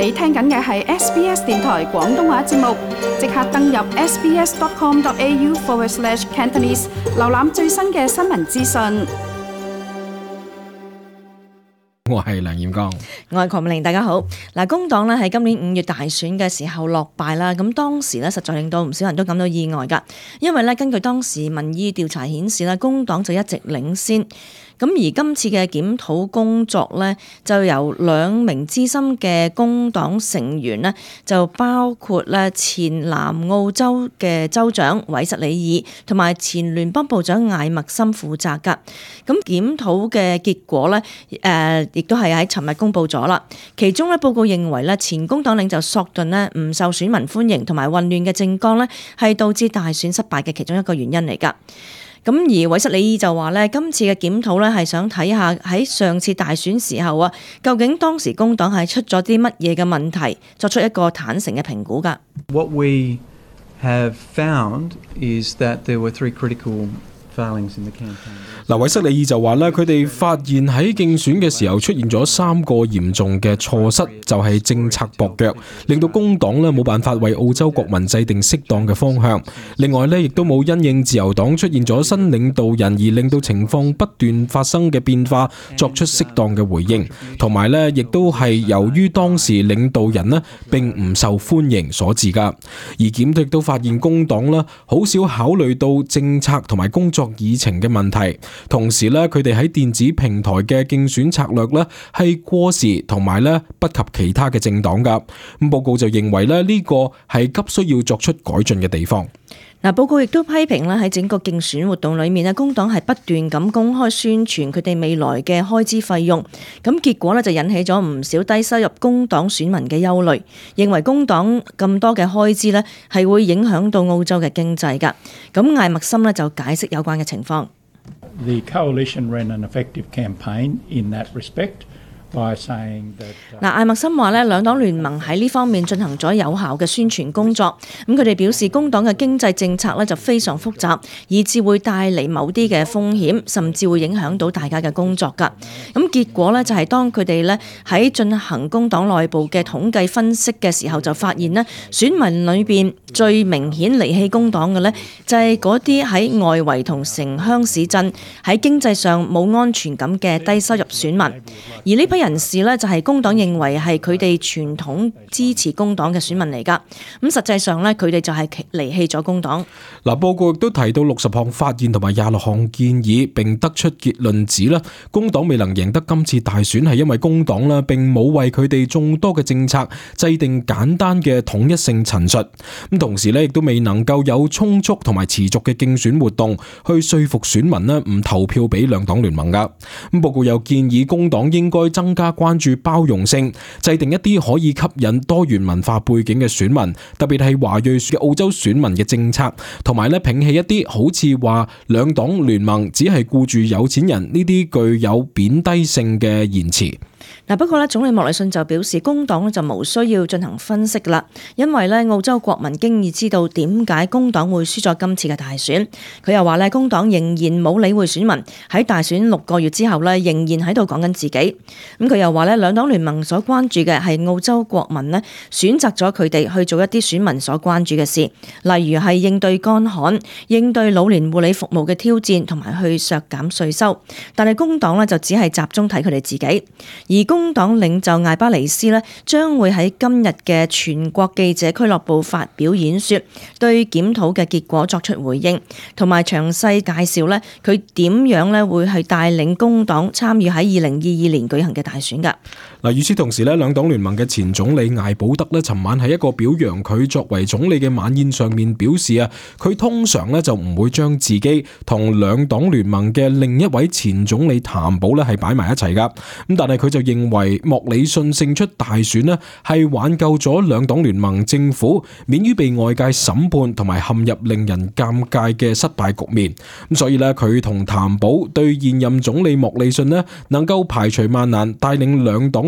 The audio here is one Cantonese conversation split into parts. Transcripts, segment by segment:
你聽緊嘅係 SBS 電台廣東話節目，即刻登入 sbs.com.au/cantonese an 瀏覽最新嘅新聞資訊。我係梁焱剛，我係鄺美玲，大家好。嗱，工黨咧喺今年五月大選嘅時候落敗啦，咁當時咧實在令到唔少人都感到意外㗎，因為咧根據當時民意調查顯示咧，工黨就一直領先。咁而今次嘅檢討工作咧，就由兩名資深嘅工黨成員咧，就包括咧前南澳洲嘅州長韋瑟里爾同埋前聯邦部長艾默森負責㗎。咁檢討嘅結果咧，誒、呃、亦都係喺尋日公布咗啦。其中咧報告認為咧，前工黨領袖索頓咧唔受選民歡迎，同埋混亂嘅政綱咧，係導致大選失敗嘅其中一個原因嚟㗎。咁而韋塞里爾就話咧，今次嘅檢討咧係想睇下喺上次大選時候啊，究竟當時工黨係出咗啲乜嘢嘅問題，作出一個坦誠嘅評估㗎。What we have found is that there were three critical 嗱，韋塞利爾就話咧，佢哋發現喺競選嘅時候出現咗三個嚴重嘅錯失，就係政策跛腳，令到工黨咧冇辦法為澳洲國民制定適當嘅方向。另外咧，亦都冇因應自由黨出現咗新領導人而令到情況不斷發生嘅變化作出適當嘅回應。同埋咧，亦都係由於當時領導人咧並唔受歡迎所致㗎。而檢討亦都發現工黨咧好少考慮到政策同埋工作議程嘅問題，同時咧佢哋喺電子平台嘅競選策略咧係過時，同埋咧不及其他嘅政黨噶。咁報告就認為咧呢個係急需要作出改進嘅地方。嗱，報告亦都批評咧喺整個競選活動裏面呢，工黨係不斷咁公開宣傳佢哋未來嘅開支費用，咁結果呢，就引起咗唔少低收入工黨選民嘅憂慮，認為工黨咁多嘅開支呢係會影響到澳洲嘅經濟㗎。咁艾默森呢，就解釋有關嘅情況。The 嗱，艾默森話，咧，兩黨聯盟喺呢方面進行咗有效嘅宣傳工作。咁佢哋表示，工黨嘅經濟政策咧就非常複雜，以致會帶嚟某啲嘅風險，甚至會影響到大家嘅工作㗎。咁結果呢，就係當佢哋咧喺進行工黨內部嘅統計分析嘅時候，就發現呢選民裏邊最明顯離棄工黨嘅呢，就係嗰啲喺外圍同城鄉市鎮喺經濟上冇安全感嘅低收入選民，而呢批人士呢就係工黨認為係佢哋傳統支持工黨嘅選民嚟噶，咁實際上呢，佢哋就係離棄咗工黨。嗱，報告亦都提到六十項發現同埋廿六項建議，並得出結論指啦，工黨未能贏得今次大選係因為工黨呢並冇為佢哋眾多嘅政策制定簡單嘅統一性陳述，咁同時呢，亦都未能夠有充足同埋持續嘅競選活動去說服選民呢唔投票俾兩黨聯盟噶。咁報告又建議工黨應該增增加關注包容性，制定一啲可以吸引多元文化背景嘅選民，特別係華裔嘅澳洲選民嘅政策，同埋咧摒棄一啲好似話兩黨聯盟只係顧住有錢人呢啲具有貶低性嘅言辭。嗱，不過咧，總理莫里遜就表示，工黨就冇需要進行分析啦，因為咧澳洲國民經已知道點解工黨會輸咗今次嘅大選。佢又話咧，工黨仍然冇理會選民喺大選六個月之後咧，仍然喺度講緊自己。咁佢又話咧，兩黨聯盟所關注嘅係澳洲國民咧選擇咗佢哋去做一啲選民所關注嘅事，例如係應對乾旱、應對老年護理服務嘅挑戰，同埋去削減稅收。但係工黨咧就只係集中睇佢哋自己而工黨領袖艾巴尼斯呢將會喺今日嘅全國記者俱樂部發表演說，對檢討嘅結果作出回應，同埋詳細介紹呢佢點樣呢會係帶領工黨參與喺二零二二年舉行嘅大選噶。嗱，與此同時，兩黨聯盟嘅前總理艾保德尋晚喺一個表揚佢作為總理嘅晚宴上面表示，佢通常就唔會將自己同兩黨聯盟嘅另一位前總理譚保係擺埋一齊。但係佢就認為莫理遜勝出大選係挽救咗兩黨聯盟政府免於被外界審判同埋陷入令人尷尬嘅失敗局面。所以佢同譚保對現任總理莫理遜能夠排除萬難，帶領兩黨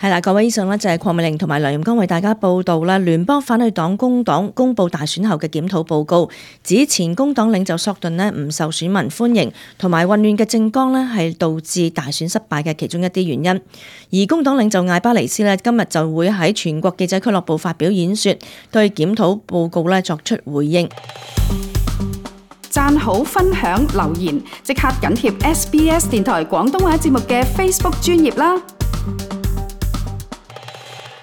係啦，各位醫生咧，就係、是、鄺美玲同埋梁焱剛為大家報道啦。聯邦反對黨工黨公布大選後嘅檢討報告，指前工黨領袖索頓咧唔受選民歡迎，同埋混亂嘅政綱咧係導致大選失敗嘅其中一啲原因。而工黨領袖艾巴尼斯咧今日就會喺全國記者俱樂部發表演說，對檢討報告咧作出回應。讚好分享留言，即刻緊貼 SBS 電台廣東話節目嘅 Facebook 專頁啦。